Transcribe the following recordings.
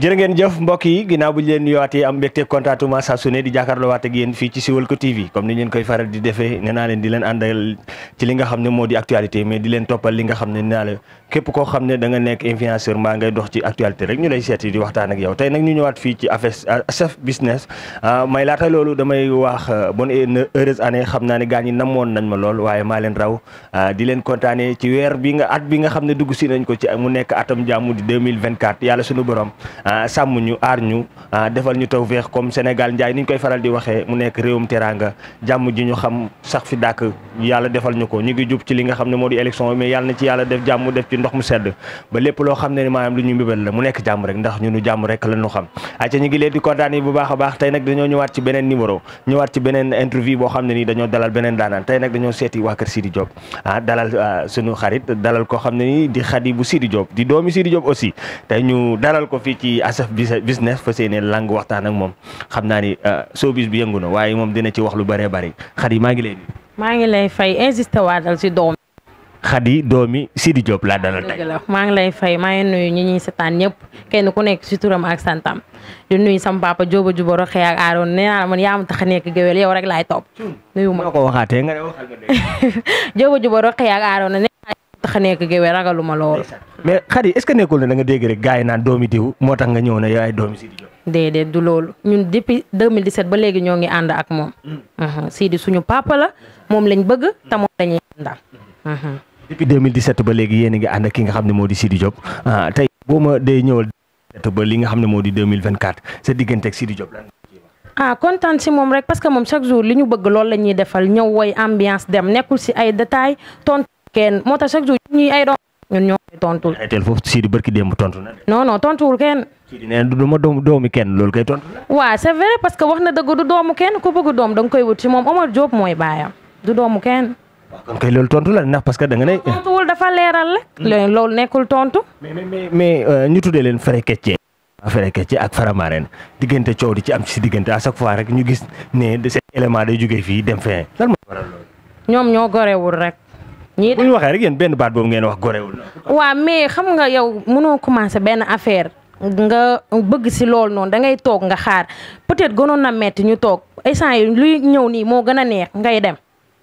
jërë ngeen jëf mbokk yi ginnaaw bu ñu leen nuyuwaatee am mbégte kontaatuma saa su ne di jàkkaarloowaat ak yéen fii ci Siweul ko TV comme ni ngeen koy faral di defee nee leen di leen àndal ci li nga xam ne moo di actualité mais di leen nga xam ne naa képp koo xam ne da nga nekk influenceur mbaa ngay dox ci actualité rek ñu lay seeti di waxtaan ak yow tey nag ñu ñëwaat fii ci affaire euh, chef business euh, may laata loolu damay wax euh, bonne et heureuse année xam naa ne gaa ñi namoon nañ ma lool waaye maa leen raw di leen kontaanee ci weer bi nga at bi nga xam ne dugg si nañ ko ci mu nekk atam jàmm di 2024 yàlla suñu borom Ah, sàmm ñu aar ñu ah, defal ñu tawféex comme Sénégal njaay ni ñu koy faral di waxee mu nekk réewum teraanga jàmm ji ñu xam sax fi dàkk yàlla defal ñu ko ñu ngi jub ci li nga xam ne moo di élection mais yàlla na ci yàlla def jàmm def ci ndox mu sedd ba lépp loo xam ne maanaam lu ñu mbibal la mu nekk jàmm rek ndax ñunu jàmm rek la ñu xam aca ñu ngi leen di kontaan yi bu baax a baax tey nag dañoo ñëwaat ci beneen numéro ñëwaat ci beneen interview boo xam ne nii dañoo dalal beneen daanaan tey nag dañoo seeti waa ah, dalal koo xam ne nii di xadi bu di doomi Sidi Diop ci asaf business fa seene lang waxtaan ak moom xam naa ni euh, showbiz bi yëngu na waaye moom dina ci wax lu bëree bëri Khady maa ngi lay maa ngi lay fay insisté waatal si doom Khady doomi Sidi Diop laa dalal tey maa ngi lay fay maa ngi nuyu ñi ñuy setaan ñëpp kenn ku nekk si turam ak santam di nuyu sama papa Jóoba Juba Roxe ak Aaroon nee naa la man yaa ma a nekk géwél yow rek laay topp nuyu ma ko waxaatee nga ne waxal ak Aaroon tax a nekk géwél ragaluma lool. mais xarit est-ce que nekkul ne da nga dégg rek gars naan doomi diw moo tax nga ñëw ne yaay doomi Sidi Diop. déedéet du loolu ñun depuis 2017 ba ñoo ngi ànd ak moom. Mm. Uh-huh. Sidi suñu papa moom lañ bëgg te moom la ñuy àndal. Uh-huh. depuis 2017 ba léegi yéen a ngi ki nga xam ne moo di Sidi Diop ah, tey boo ma dee ñëwal ba li nga xam ne moo di 2024 sa diggante ak Sidi Diop lan. ah kontaan si moom rek parce que moom chaque jour li ñu bëgg loolu la ñuy defal ñëw woy ambiance dem nekkul si ay détails tontu. kenn moo tax chaque jour ñuy ay doom ñun ñoo koy tontul. arrêté foofu Sidi tontu na. non non tontuwul kenn. Sidi nee du kenn loolu kay tontu la. waaw parce que wax na dëgg du doomu kenn ku bëgg doom da nga koy wut ci moom Omar Diop mooy baayam du doomu kenn. waaw kon loolu tontu la ndax parce que da nga ne. tontuwul dafa leeral rek. Hmm. lool nekkul tontu. mais mais mais euh, ñu tuddee leen Fere Kecce. Fere Kecce ak Faramareen diggante coow di ci am si diggante à chaque fois rek ñu gis ne seen élément day jógee fii dem fee lan mooy waral loolu. rek. ñii bu ñu waxee rek yéen benn baat boobu ngeen wax gorewul. waa mais xam nga yow mënoo commencé benn affaire nga bëgg si loolu noonu da ngay toog nga xaar peut-être gënoon na metti ñu toog instant yi luy ñëw nii moo gën a neex ngay dem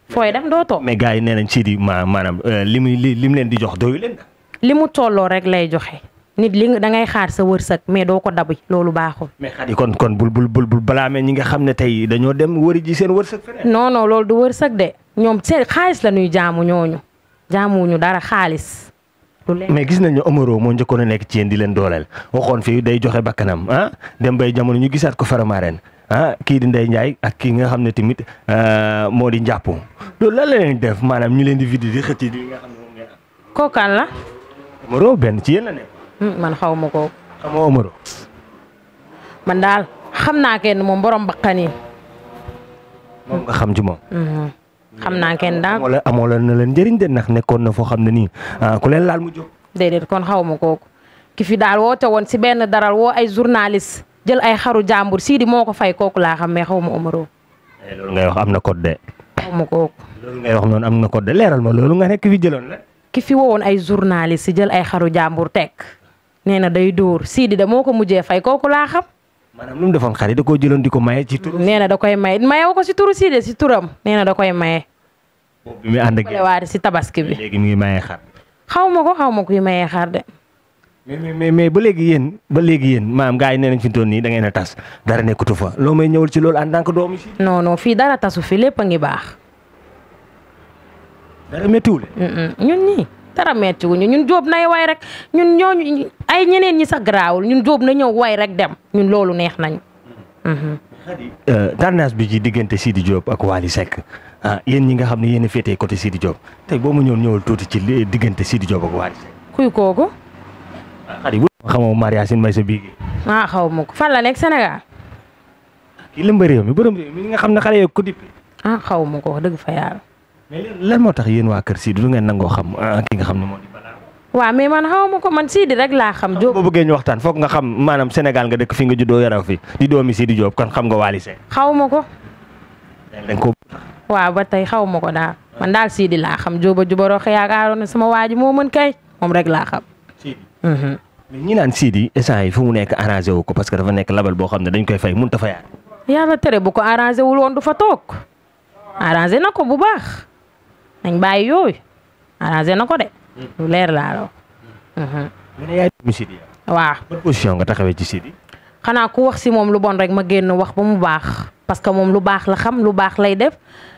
fooy dem doo toog. mais yi nee nañ ci ma maanaam euh, li muy li mu leen di jox doyu leen. li mu tolloo rek lay joxe. nit li nga da ngay xaar sa wërsëg mais doo ko dabu loolu baaxul. mais kon kon bul bul bul bul balaamee ñi nga xam ne tey dañoo dem wëri ji seen wërsëg. non non loolu du wërsëg de ñoom seen xaalis la ñuy jaamu ñooñu. ñu dara xaalis. mais gis nañu Omaro moo njëkkoon a nekk ci yéen di leen dooleel waxoon fii day joxe bakkanam ah dem bay jamono ñu gisaat ko Faramareen ah kii di Ndeye Ndiaye ak kii nga xam ne tamit euh, moo di njàpp loolu lan leen def maanaam ñu leen di vidé di xëcc di nga xam kookaan la. Omaro benn ci yéen la nekk. Hmm, man xaw ma ko. xamoo Omaro. man daal xam naa kenn moom boroom bakkan moom nga xam ci moom. Hmm. xam naa kenn daal amoo leen amoo leen na leen njëriñ de ndax nekkoon na foo xam ne nii ah, ku leen laal mu jóg. déedéet kon xaw ma kooku ki fi daal woote woon si benn daral woo ay journaliste jël ay xaru jàmbur Sidi moo ko fay kooku laa xam mais xaw ma Omaro. Eh, loolu ngay wax am na code ma kooku. loolu ngay wax noonu am na code de leeral ma loolu nga nekk fi jëloon la. ki fi wowoon ay journaliste jël ay xaru jàmbur tekk nee na day dóor Sidi de moo ko mujjee fay kooku laa xam. maanaam lu mu defoon xar yi da koo jëloon di ko maye ci koy maye mayewu ko si turu si de si turam nee na koy maye. boobu bi si tabaski bi léegi mi xaw ma ko xaw ma kuy maye xar de. mais mais mais ba léegi yéen ba léegi yéen maam gars yi nee nañ fi mu nii da ngeen a tas dara nekkutu fa loo may ñëwul ci loolu en tant que doomu fii dara tasu fi lépp a ngi baax. dara méttiwul. ñun ñii. dara metti wuñu ñun jóob nay way rek ñun ñooñu ay ñeneen ñi sax garaawul ñun jóob na ñëw way rek dem ñun loolu neex nañ garnage mhm. euh, bi ci diggante siidi Diop ak Wally Seck ah yéen ñi nga xam ne yéen a féetee côté Sidi Diop tey boo ma ñëwoon ñëwal tuuti ci diggante Sidi Diop ak Wally Seck. kuy kooku. Ah, xadi bu xamoo ah, xaw ma ko fan la nekk Sénégal. kii lëmba réew mi borom réew mi nga xam ne xale yeeg ko dipp. ah xaw ma ko dëgg fa yàlla. mais lan moo tax yéen waa kër Sidi du ngeen nangoo xam ah, ki nga xam ne moo di Balla. waaw mais man xaw ma ko man Sidi rek laa xam. Diop boo bëggee ñu waxtaan foog nga xam maanaam Sénégal nga dëkk fi nga juddoo yaraw fi di doomi Sidi Diop kon xam nga Wally Seck. xaw ma ko. dañ ko. waaw ba tey xaw ma ko daal man daal Sidi laa xam Diop ba jubaroo yaakaaroon na sama waa ji moo mën kay moom rek laa xam. Sidi. Mhm. mais ñi naan Sidi instant yi fu mu nekk arrangé wu ko parce que dafa nekk labal boo xam ne dañ koy fay mënut a fayaat. yàlla ko arrangé wul woon du fa ko bu baax nañ bàyyi yooyu arrangé na ko de. Mm. lu leer laa la wax. nga mm. mm-hmm. ne yaay doomu Sidi waaw ban position nga taxawee ci Sidi. xanaa ku wax si moom lu bon rek ma génn wax ba mu baax parce que moom lu baax la xam lu baax lay def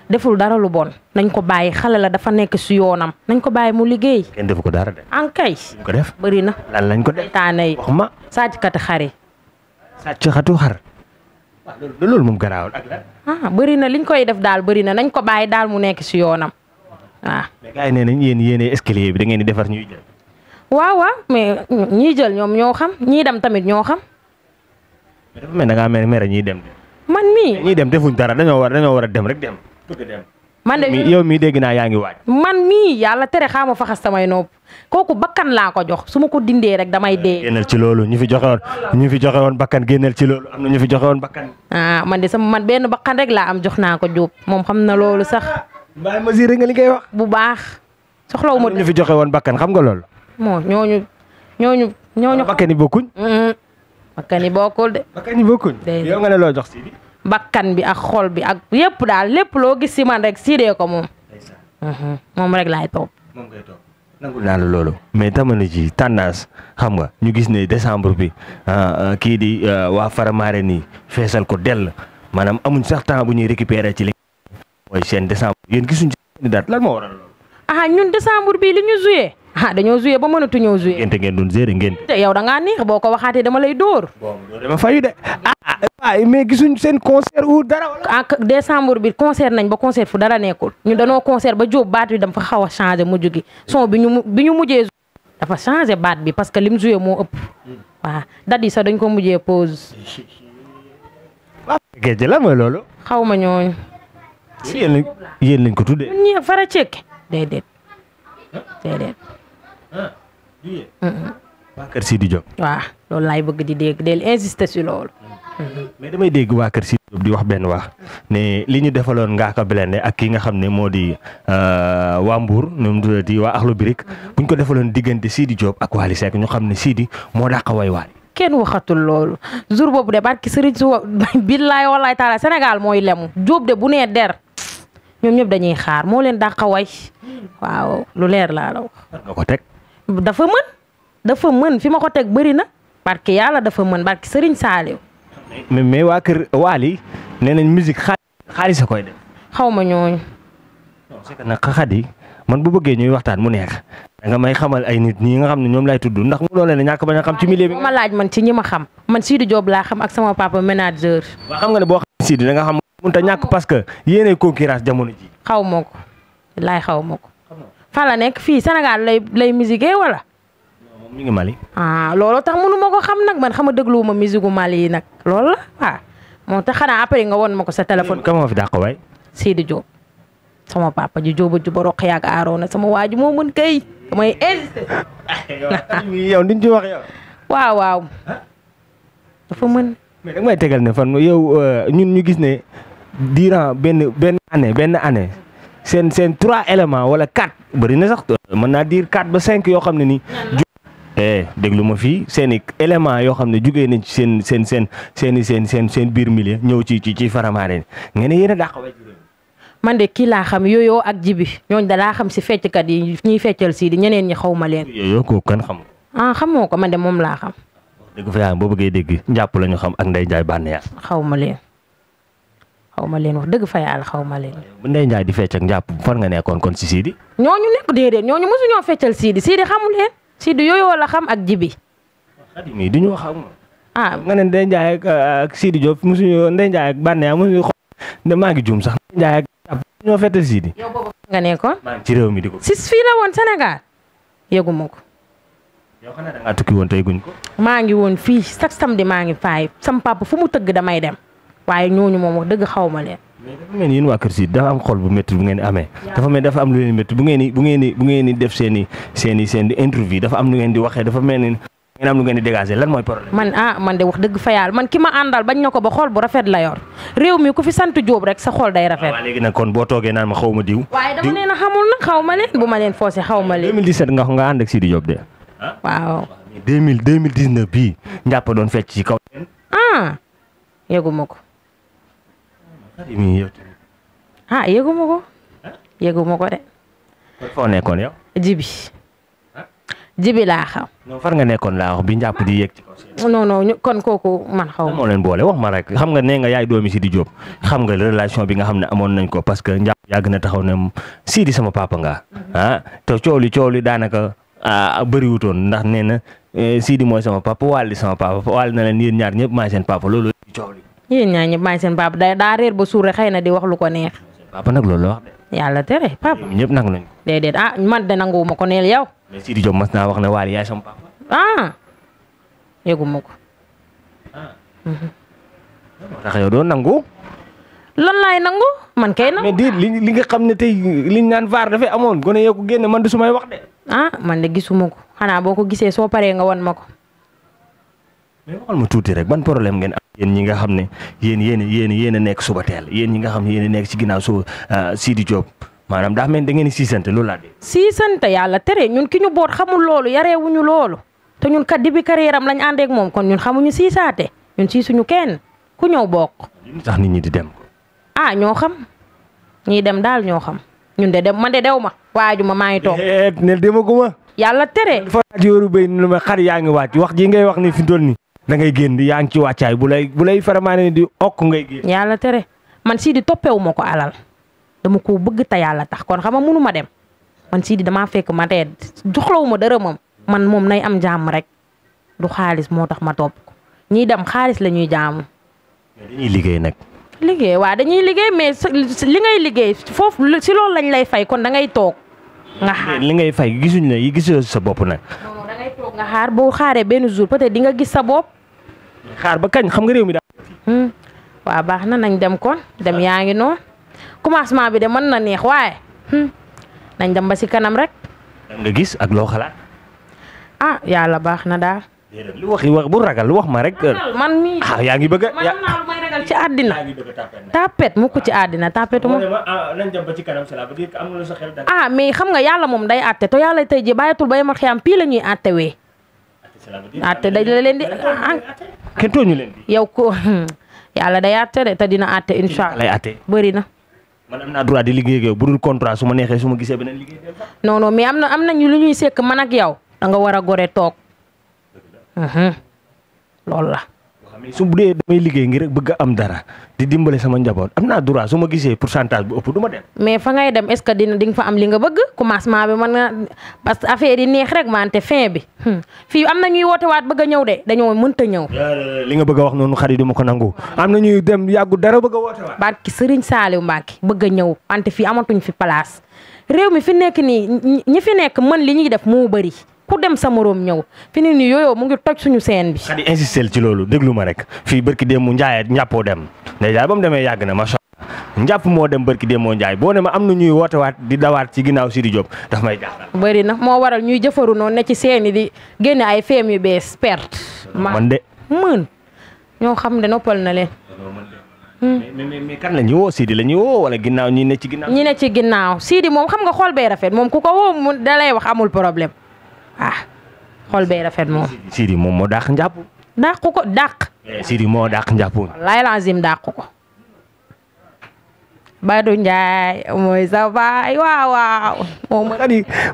deful dara lu bon nañ ko bàyyi xale la dafa nekk si yoonam nañ ko bàyyi mu liggéey. kenn defu ko dara de. en kay. ko def bëri na. lan lañ ko def taanay wax ma. sàcckat xari. sàccxatu xar. Ah, liñ koy def daal bëri nañ ko bàyyi daal mu nekk si yoonam. waaw. Ah. mais gars yi nee nañ yéen yéenay escalier bi da ngeen di defar ñuy jël. waawa waaw ñii ñiy jël ñoom ñoo xam ñii dem tamit ñoo xam. mais mel ne da ngaa mer ñiy dem man mii dem defuñ dara dañoo war dañoo war a dem rek dem man de yow mii dégg naa yaa ngi waaj. man mii yàlla tere xaama faxas samay nopp kooku bakkan laa ko jox su ma ko dindee rek damay dee. ci loolu ñu fi joxe ñu fi joxe woon bakkan génneel ci loolu am na ñu fi joxe bakkan. ah man de sama man benn bakkan rek laa am jox naa ko Diop moom xam na loolu sax. mbaay mesure nga li ngay wax. bu baax. soxlawu ma ñu fi joxe woon bakkan xam nga lool moo ñooñu ñooñu. ñooñu ah, bakkan bokkuñ. bakkan yi bokkul de. bakkan bokkuñ. loo jox Sidi. bakkan bi ak xol bi ak yépp daal lépp loo gis si man rek siidee ko moom. Mm-hmm. moom rek laay topp. moom ngay topp nangul naa loolu. mais jamono ji tendance xam nga ñu gis ne décembre bi ah, ah, kii di waa Faramare nii feesal ko dell maanaam amuñ sax temps bu ñuy récupérer ci li. mooy seen décembre yéen gisuñu ci date lan moo waral loolu. ah ñun décembre bii li ñu joué ah, dañoo joué ba mënatu ñoo joué. ngeen te ngeen doon gérer ngeen. te yow da ngaa neex boo ko waxaatee dama lay dóor. bon dama fayu de ah ah mais gisuñ seen concert ou dara wala. ah décembre bi concert nañ ba concert fu dara nekkul ñu danoo concert ba jóob baat bi dama fa xaw a changé mujj gi son bi ñu bi ñu mujjee dafa changé baat bi parce que lim joué moo ëpp waaw date dañ ko mujjee pause. waaw géej la mooy loolu. xaw ma ñooñu. si yéen lañ yéen lañ ko tuddee. ñun ñëpp fara ceekki déedéet déedéet. waa Kër Sidi Diop. waaw loolu laay bëgg di dégg del insister si loolu. mais damay dégg waa Kër Sidi Diop di wax benn wax ne li ñu defaloon Ngaaka Blindé ak ki nga xam ne moo di euh, waa Mbour nu mu tuddati waa Akhlou Brick mm-hmm. bu ñu ko defaloon diggante Sidi Diop ak Wally Seck ñu xam ne Sidi moo dàq way Wally. kenn waxatul loolu jour boobu de barki sëriñ si billaay wallaay taala Sénégal mooy lemu Diop de bu nee der. ñoom ñëpp dañuy xaar moo leen dàqa way waaw lu leer laa la wax. dafa mën dafa mën fi ma ko teg bëri na barki yàlla dafa mën barki sëriñ Saliou. mais mais waa kër Waly nee nañ musique xaalis a koy def. xaw ma ñooñu. c'est que nag xadi man bu bëggee ñuy waxtaan mu neex. da nga may xamal ay nit ñi nga xam ne ñoom laay tudd ndax mu doon leen ñàkk bañ a xam ci ma laaj man ci ñi ma xam man Sidi Diop laa xam ak sama papa manager. waa xam nga ne boo xam Sidi da nga xam mun ta ñàkk parce que yéenay concurrence jamono ji xaw ma ko laay xaw ma ko la nekk fii Sénégal lay lay musique wala mi ngi Mali. ah loolu tax mënu ko xam nag man xam nga dégluwu ma musique gu Mali yi nag loolu la moo tax xanaa après nga won ma ko sa téléphone. ka ma fi dàq waay. Sidi Diop sama papa ji Diop ju roq yaag sama waa moo mën kay damay hésité. yow ni waaw waaw. dafa mën. mais danga may tegal ne fan yow euh, ñun ñu gis ne. durant benn benn année benn année seen seen trois éléments wala quatre bëri na sax euh, mën naa diir quatre ba cinq yoo xam ne nii eh déglu ma fii seen i éléments yoo xam ne jugee nañ ci seen seen seen seen seen seen seen biir milieu ñëw ci ci ci faramaare nga ne yéen a dàq man de kii laa xam yooyoo ak jibi ñooñ dalaa xam si fecckat yi ñuy feccal sii di ñeneen ñi xaw ma leen yooyoo ko kan xam ah xamoo ko man de moom laa xam dëgg fa yaa boo bëggee dégg njàpp la ñu xam ak nday jaay bànneex xaw ma xaw ma leen wax dëgg fa yàlla xaw ma leen. bu Ndeye Ndiaye di fecc ak njàpp fan nga nekkoon kon si Sidi. ñooñu nekk déedéet ñooñu mosuñoo feccal Sidi Sidi xamu leen Sidi yooyu la xam ak jibi. xadim yi du ñu wax ak moom. ah nga ne Ndeye Ndiaye ak euh, ak Sidi Diop maa ngi juum sax Ndeye Ndiaye ak njàpp ñoo feccal Sidi. yow maa ngi ci réew mi di si fii la woon Sénégal yëguma ko. ko. maa ngi woon fii chaque samedi fu mu tëgg damay dem waaye ñooñu moom wax dëgg xaw ma leen. mais dafa mel am xol bu métti bu ngeen amee. dafa mel dafa am lu leen ngeen di bu ngeen di bu ngeen di def seen seen seen i interview am lu ngeen waxee dafa mel ni ngeen am lu ngeen di dégager lan mooy problème. man ah wax dëgg fa yàlla ki ma àndal bañ na ko ba xol bu rafet la yor réew mi ku fi sant Jóob rek sa xol day rafet. Ah, léegi nag kon boo toogee ma xaw ma diw. waaye dama leen a xamul nag xaw ma leen bu ma leen foosee xaw ma leen. 2017 nga nga ànd ak Sidi Diop de. Ah. waaw. 2000 ah, 2019 bii njàpp doon fecc ci kaw. ah yëgu ma ko ah yëguma ko eh? yëguma ko de. foo nekkoon yow. jibi eh? jibi laa xam. non far nga nekkoon laa wax bi njàpp di yéeg ci kaw. non kon kooku man xaw ma. moo leen boole wax ma rek xam nga nee nga yaay doomi Sidi Diop xam nga relation bi nga xam ne amoon nañ ko parce que njàpp yàgg na taxaw ne Sidi sama papa nga mhm. ah te coow li coow li daanaka ah, bëriwutoon ndax nee na eh, Sidi mooy sama papa Wally sama papa Wally na leen ñaar ñëpp maay seen papa loolu coow li. yéen ñaa ñi bàyyi seen papa day daa réer ba suure xëy na di wax lu ko neex. papa nag loolu la yàlla tere papa. ñëpp nangu nañu. déedéet ah man de nanguwuma ko neel yow. mais mas naa wax ne Waly yaay sama ah, ko. Ah. moo tax doo nangu. lan laay nangu man kay na mais di li nga xam ne tey liñ naan vaar dafay amoon gone yee ko génne man du sumay wax de. Ah, man de gisuma ko xanaa boo ko gisee soo paree nga won ma ko. mais tuuti rek ban problème ngeen am. yéen ñi nga xam ne yéen yéen yéen yéen a nekk suba teel yéen ñi nga xam ne yéen a nekk ci ginnaaw su euh, Sidi Diop maanaam daa mel da ngeen siisante loolu laa dégg siisante yàlla tere ñun ki ñu boot xamul loolu yareewuñu loolu te ñun kat di bi carrière am àndeek moom kon ñun xamuñu siisaate ñun siisuñu kenn ku ñëw bokk li tax nit ñi di dem ah ñoo xam ñii dem daal ñoo xam ñun de dem man de dew ma waaju ma maa ngi toog eh, ne demaguma yàlla tere dafa yoru béy nu ma xar yaa ngi wàcc wax ji ngay wax ni fi toll nii da ngay génn yaa ngi ci wàccaay bu lay bu lay faramaane di okk ngay génn. yàlla tere man sii di toppewu ko alal dama ko bëgg te yàlla tax kon xam nga mënu ma dem man sii di damaa fekk ma tee joxlawu ma dara moom man moom nay am jàmm rek du xaalis moo tax ma topp ko ñiy dem xaalis la ñuy jaamu. dañuy liggéey nag. liggéey waaw dañuy liggéey mais li ngay liggéey foofu si loolu lañ lay fay kon da ngay toog. nga xaar li ngay fay gisuñ la yi gisoo sa bopp nag. nga xaar boo xaaree benn jour peut-être di nga gis sa bopp. xaar ba kañ xam nga réew mi daal. Hmm. waaw baax na nañ dem kon dem ah. yaa ngi noonu commencement bi de mën na neex waaye hmm. nañ dem ba si kanam rek. nga gis ak loo xalaat. ah yàlla baax na daal. lu wax wax bu ragal lu wax ma rek. Euh, man mi ah yaa ngi bëgg a. man ci àddina. tapet mu ko ci ah. àddina tapetu ma. Ah, nañ dem ba ci kanam ah mais xam nga yàlla moom day àtte te yàlla tey jii bàyyatul ba yem ak xiyam pii la ñuy àttewee. atte dañ la leen di kenn tooñu leen bi yow ko yàlla da atte de te dina atte incha allah bëri na man naa droit di liggéey bu dul contrat suma neexee su ma gisee beneen liggéey non non mais am na am nañu lu ñuy sekk man ak yow da nga war a gore toog mhm. loolu la su bu dee damay liggéey rek bëgg am dara di dimbale sama njaboot am naa droit su ma gisee pourcentage bu ëpp du ma dem. mais fa ngay dem est-ce que dina di nga fa am li nga bëgg commencement bi que affaire yi neex rek wante fin bi hmm. fii am na ñuy woote waat bëgg a ñëw de dañoo mënta ñëw. li nga bëgg a wax noonu xarit du ma ko nangu am na ñuy dem yàggu dara bëgg a woote waat. barki Serigne Saliou Mbacke bëgg a ñëw wante fii amatuñ fi place réew mi fi nekk nii ñi fi nekk mën li ñuy def moo bëri. ku dem sa moroom ñëw fi ni nii yooyu mu ngi toj suñu seen bi. xadi insisté ci loolu déglu ma rek fii barki démb Ndiaye ñàppoo dem déjà ba mu demee yàgg na macha allah njàpp moo dem barki démb Ndiaye boo ne ma am na ñuy wootewaat di dawaat ci ginnaaw Sidi Diop daf may jaaxal. bëri na moo waral ñuy jëfaru noonu ne ci seeni di génne ay feem yu bees perte. man de mën ñoo xam ne noppal na leen. Hmm. mais mais ñu woo Sidi la ñu woo wala ginnaaw ñi ne ci ginnaaw. ñi ne ci ginnaaw Sidi moom xam nga xool bay rafet moom ku ko woo mu dalay wax amul problème. ah xol bee rafet moom. Sidi moom moo dàq njàpp. dàq ko dàq. Eh, Sidi moo dàq njàpp. wallaahi lazim dàq ko. Badou Ndiaye mooy sa baay waaw waaw.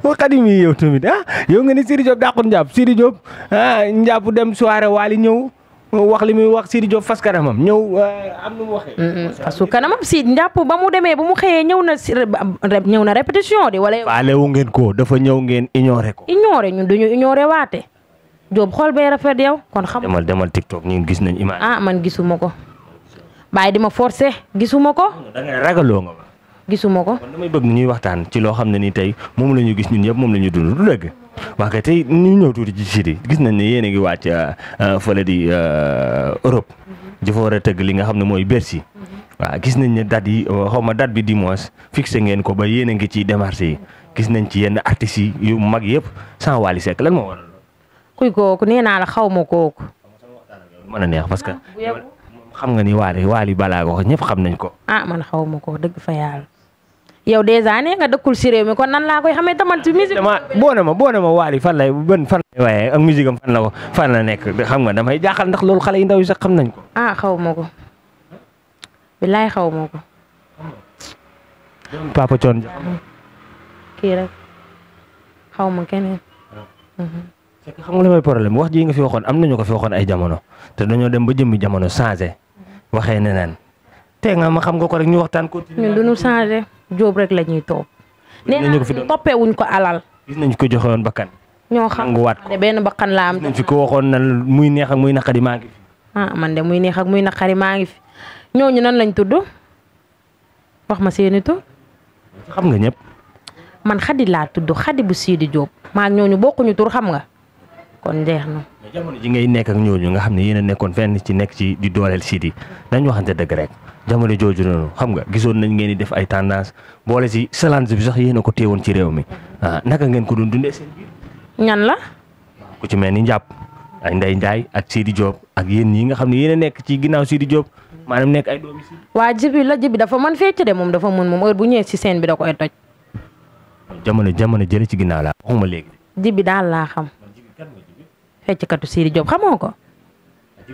moo xadi mi yow tamit ah yow nga ne Sidi Diop dàqul njàpp Sidi Diop ah dem soirée waali ñëw. wax li muy wax Sidi Diop fas kanamam ñëw euh, am nu mu waxee. fasu kanamam njàpp ba mu demee ba mu xëyee ñëw na si ñëw na répétition de wala. faale ngeen ko dafa ñëw ngeen ignoré ko. ignoré ñun duñu ignoré waate. Diop xool bee rafet yow kon xam. demal demal TikTok ñu gis nañ image. ah man gisuma ko. bàyyi di ma forcé gisuma ko. da ngay ragaloo gisuma ko. kon damay bëgg ñuy waxtaan ci loo xam ne ni tey moom la ñu gis ñun yëpp moom la ñu dund du dëgg. waa kay tey ñu ñëw tuuti ci Sidi gis nañ ne yéen a ngi wàcc euh, euh, fële di euh, Europe. Mhm. dafa war a tëgg li nga xam ne mooy Bercy. Mhm. waaw gis nañ ne date xaw ma date bi di dimanche fixé ngeen ko ba yéen a ngi ci démarche yi gis nañ ci yenn artistes yi yu mag yëpp sans Wally Seck lan moo waral. kuy kooku nee naa xaw ma kooku. mën a neex parce que ah, xam nga ni Wally Wally balaa ko ñëpp xam nañ ko. Ah, yow dèjà nee nga dëkkul si réew mi kon nan laa koy xamee tamit ci musique. dama boo ne ma boo ne ma Wally fan lay ban fan lay waaye ak musique am fan la fan la nekk xam nga damay jaaxal ndax loolu xale yu ndaw yi sax xam nañ ko. ah xaw ma ko. billaay xaw ma ko. papa Thione Diop. xaw ma keneen. xam nga li may wax ji nga fi waxoon am nañu ko fi ay jamono te dañoo dem ba jëmmi jamono changé waxee neneen te nga ma xam nga ko rek ñu waxtaan ko. ñun du ñu jóob rek la ñuy toog. nee naa toppeewuñ ko alal. gis nañ ko joxe woon ñoo xam benn bakkan laa am. nañ fi ko waxoon na muy neex ak muy naqari maa ngi fi. Ah, man de muy neex ak muy naqari maa ngi fi ñooñu nan lañ tudd wax ma seeni tur. xam nga ñëpp. man xadi laa tudd xadi bu siidi jóob maa ñooñu bokkuñu tur xam nga. kon jeex na. mais ji ngay nekk ak ñooñu nga xam ne yéen a nekkoon fenn ci nekk ci di dooleel Sidi dañ waxante dëgg rek jamono jooju noonu xam nga gisoon nañ ngeen di def ay tendance boole si challenge bi sax yéen a ko téewoon ci réew mi ah, naka ngeen ko doon dundee seen ñan la. ku ci mel ni njàpp ay Ndeye Ndiaye ak Sidi Diop ak yéen ñi nga xam ne yéen nekk ci ginnaaw Sidi Diop maanaam nekk ay doomi Sidi. waa jibi la jibi dafa mën de moom dafa mën moom heure bu ñëwee si scène bi da koy toj. jamono jamono jële ci ginnaaw laa waxuma léegi. jibi daal laa xam feccekatu Sidi Diop xamoo ko.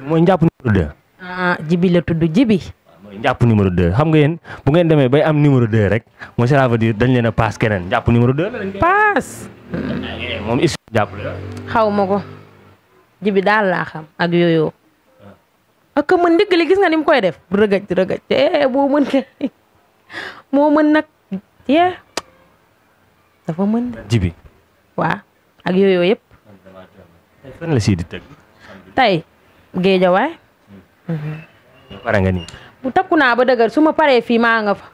mooy njàpp numéro 2. ah jibi la tudd jibi. mooy njàpp numéro 2 xam nga yen bu ngeen demee bay am numéro 2 rek mooy cela veut dañ leen a paas keneen njàpp numéro 2 la. paas. Eh, moom is xaw ma ko jibi daal laa xam ak yooyu. mën ndigg li gis nga ni koy def. rëgëj rëgëj eh boo mën ke moo mën nag yee eh. dafa mën. jibi waaw ak yooyu yëpp. tey la sii di tëgg. tey géejawaay. Mm-hmm. pare nga nii. takku naa ba dëgër su ma paree fii maa nga fa.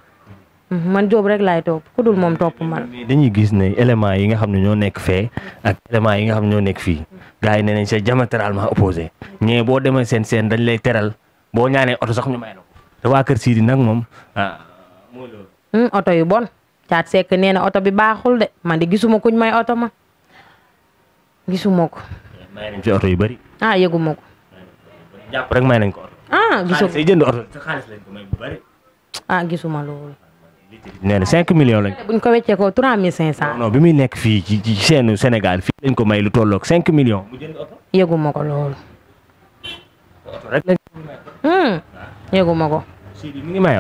Mm-hmm. man Jóob rek laay topp ku dul moom topp man. dañuy gis ne éléments yi nga xam ne ñoo nekk fee ak éléments yi nga xam ne ñoo nekk fii gars yi ne nañ jama c'est ma opposé ñee boo demee seen seen dañ lay teral boo ñaanee oto sax ñu may la te waa Kër Sidi nag moom ah, hmm, oto yu bon caat sekk nee na oto bi baaxul de man di gisuma kuñ may oto ma gisuma ko. may nañ yu bëri. ah yëguma nañ ko oto. ah gisuma xaalis jënd oto sa xaalis lañ ko may bu bëri. ah gisuma bi muy nekk fii ci ci seenu Sénégal fii lañ ko may lu tolloog 5 millions. mu jënd oto yëguma ko loolu. oto rek lañ hmm, ko may.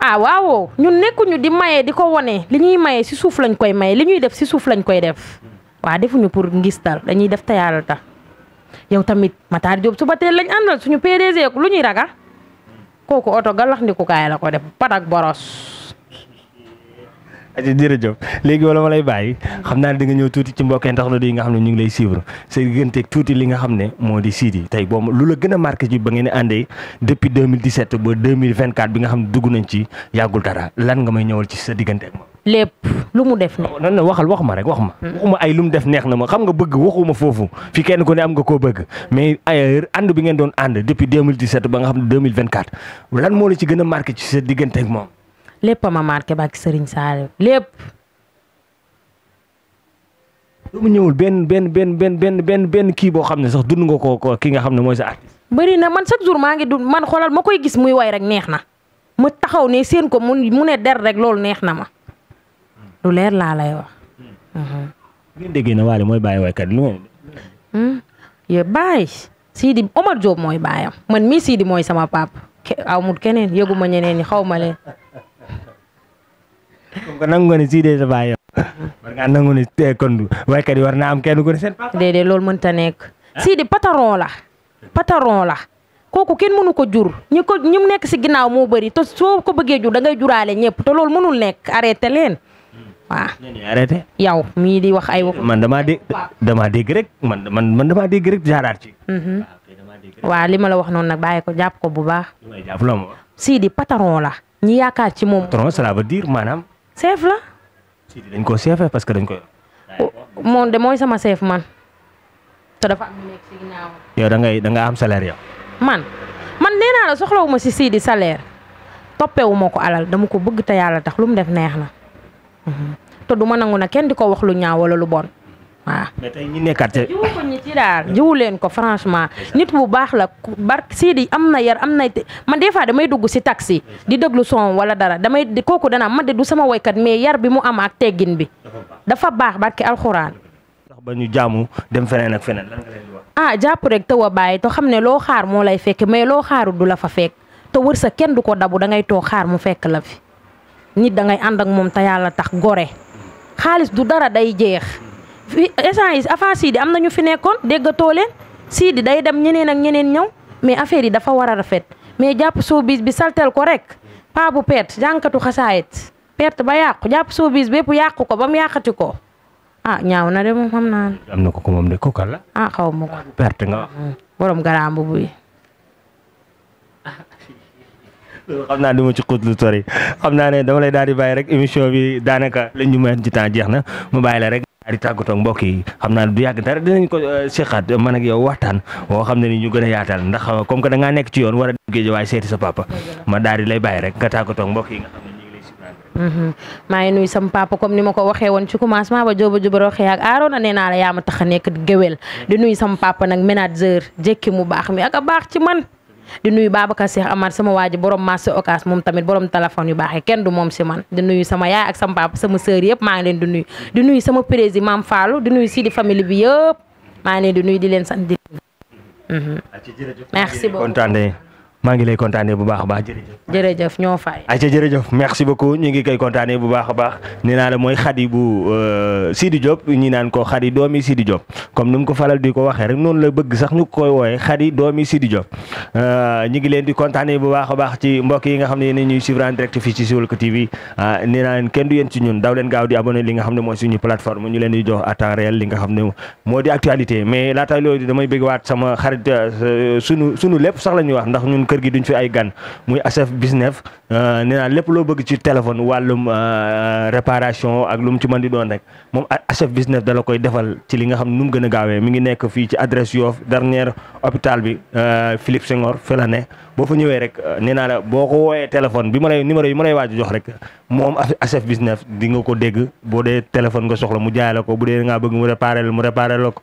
ah waaw ñun nekkuñu di maye di ko wone li ñuy maye si suuf lañ koy maye li ñuy def si suuf lañ koy def. waa defuñu pour ngistal dañuy def te yàlla tax yow tamit Matar Diop suba teel lañ àndal suñu PDG lu ñuy ragal kooku oto galax ndikukaay la ko def patak boros aji jërëjëf léegi wala ma lay bàyyi xam naa di nga ñëw tuuti ci mbokk internet yi nga xam nga xam ne moo di Sidy tey boo lu la gën a marqué ci ba nga xam ne dugg nañ ci yàggul dara lan nga may ñëwal ci sa diggante moom. lépp mm. lu mu def neex na ma xam nga bëgg waxuma foofu fi kenn ku ne am nga koo bëgg mais ailleurs ànd bi ngeen doon ànd depuis ba nga xam ne 2024 lan moo la ci gën a marqué ci sa diggante moom. lépp ma marqué ba ak Serigne lépp. lu mu ñëwul benn benn benn benn benn benn benn kii boo xam ne sax dund nga ko ko ki nga xam ne mooy sax artiste. bëri na man chaque jour maa ngi dund man xoolal ma koy gis muy way rek neex na ma taxaw ne seen ko mu ne der rek loolu neex na ma lu leer laa lay wax. Mhm. ngeen déggee na mooy bàyyi waykat lu ngeen. Hmm? yow bàyyi Sidi Omar Diop mooy baayam man mii Sidi mooy sama aw mu keneen yëgu ma ñeneen yi xaw ma leen. comme que nangu nga ne Sidy sa baay yow war ngaa nangu ne kon waykat yi war naa ne seen papa. déedéet loolu la pataron la ko jur ñi ko ñi nekk moo bëri te soo ko bëggee jur da ngay juraale ñëpp te loolu mënul nekk arrêté leen. waaw arrêté. yow mii di wax ay. man dé man man man damaa dégg rek jaaraat ci. Mhm. Ah, waaw li ma la wax noonu nag bàyyi ko jàpp ko bu baax. Sidy pataron la. ñi yaakaar ci moom. pataron cela veut chef la. dañ koo chef parce que dañ koy. moom de mooy sama chef man. te dafa am nekk si yow da ngay da nga am salaire yow. man man nee naa la soxlawuma si Sidi salaire toppewuma ko alal dama ko bëgg te yàlla tax lu mu def neex na. Mhm. te du ma nangu na kenn di ko wax lu ñaaw wala lu bon. waaw mais tey ñi leen ko franchement. nit bu baax la bark Sidi am na yar am na man des fois damay dugg si taxi. di déglu son wala dara damay kooku dana man de sama woykat mais yar bi mu am ak teggin bi. dafa baax barki alxuraan. ndax ba ñu jaamu dem feneen ak feneen ah, jàpp rek te wa bàyyi te xam ne loo xaar moo lay fekk mais loo xaaru du la fa fekk te wër sa kenn du ko dabu dangay ngay toog xaar mu fekk la fi nit da ngay ànd ak moom te yàlla tax gore xaalis du dara day jeex. fi instant yi avant Sidi am na ñu fi nekkoon déggatoo leen Sidi day dem ñeneen ak ñeneen ñëw mais affaire yi dafa war a rafet mais jàpp showbiz bi saltel ko rek paa bu perte jànkatu xasaayit perte ba yàqu jàpp showbiz bépp yàqu ko ba mu yàqati ko ah ñaaw na moom xam naa ne. am ko ko moom de ah xaw ma ko perte nga. Mm, borom garambu buy. xam naa du ma ci xam naa ne dama daal di bàyyi rek émission bi daanaka lañ ñu mayoon ci jeex na mu bàyyi la rek. di tàggatoo mbokk yi xam naa du yàgg dara dinañ ko euh, seqaat euh, man ak yow woo xam ne ni ñu gën a yaatal ndax euh, comme que da ngaa nekk ci yoon war a dem géej waaye seeti sa papa ma daal lay bàyyi rek nga tàggatoo mbokk yi nga xam ne ngi lay suivre. Mm-hmm. maa papa comme ni ma ko waxee woon ci commencement ba Diop Diop Roxee ak Arona nee naa la yaa tax a nekk géwél di nuy sam papa nag ménageur jékki mu baax mi ak baax ci man. di nuyu Babacar Cheikh Amar sama waa ji borom marché Ocass moom tamit borom téléphone yu baaxee kenn du moom si man di nuyu sama yaay ak sama papa sama sœur yëpp maa leen di nuy di nuyu sama président maam Fallou di nuy si di famille bi yëpp maa leen di nuyu di leen sax di mhm. merci beaucoup maa ngi lay kontaanee bu baax a baax jërëjëf. jërëjëf ñoo fay. ayca jërëjëf merci beaucoup ñu ngi koy kontaanee bu baax a baax nee naa la mooy xadi bu euh, Sidi Diop ñi naan ko xadi doomi Sidi Diop comme ni mu ko faral di ko waxee rek noonu la bëgg sax ñu koy wooyee xadi doomi Sidi Diop. Euh, ñu ngi leen di kontaanee bu baax a baax ci mbokk yi nga xam ne yéen ñuy suivre en direct fii ci Siweulko TV ah, nee naa leen kenn du yéen ci ñun daw leen gaaw di abonné li nga xam ne mooy suñu plateforme ñu leen di jox à temps réel li nga xam ne moo di actualité mais laata loolu damay bëgg waat sama xarit euh, sunu sunu lépp sax la ñuy wax ndax kër gi duñ fi ay gan muy asaf business euh, nee naa lépp loo bëgg ci téléphone wàllum euh, réparation ak lu mu ci mën di doon rek moom asaf business dala koy defal ci li nga xam nu mu gën a gaawee mi ngi nekk fii ci adresse Yoff dernier hôpital bi euh, Philippe Senghor fi la ne boo fa ñëwee rek nee naa la boo ko wooyee téléphone bi ma lay numéro yi ma lay waaj jox rek moom asaf business di nga ko dégg boo dee téléphone nga soxla mu jaay la ko bu dee ngaa bëgg mu réparé mu réparé la ko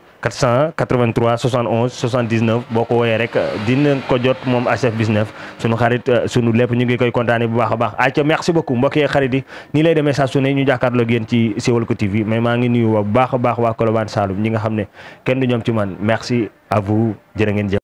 483 boo ko wooyee rek euh, dina ko jot moom HF 19 sunu xarit euh, sunu lépp ñu ngi koy kontaane bu baax a baax ayca merci beaucoup mbokk xarit yi nii lay demee saa su ne ñu jàkkaarloo ak ci Siweul ko TV mais maa ngi nuyu bu baax a baax waa Colobane Saloum ñi nga xam ne kenn ñoom ci man merci à vous jërë ngeen jëf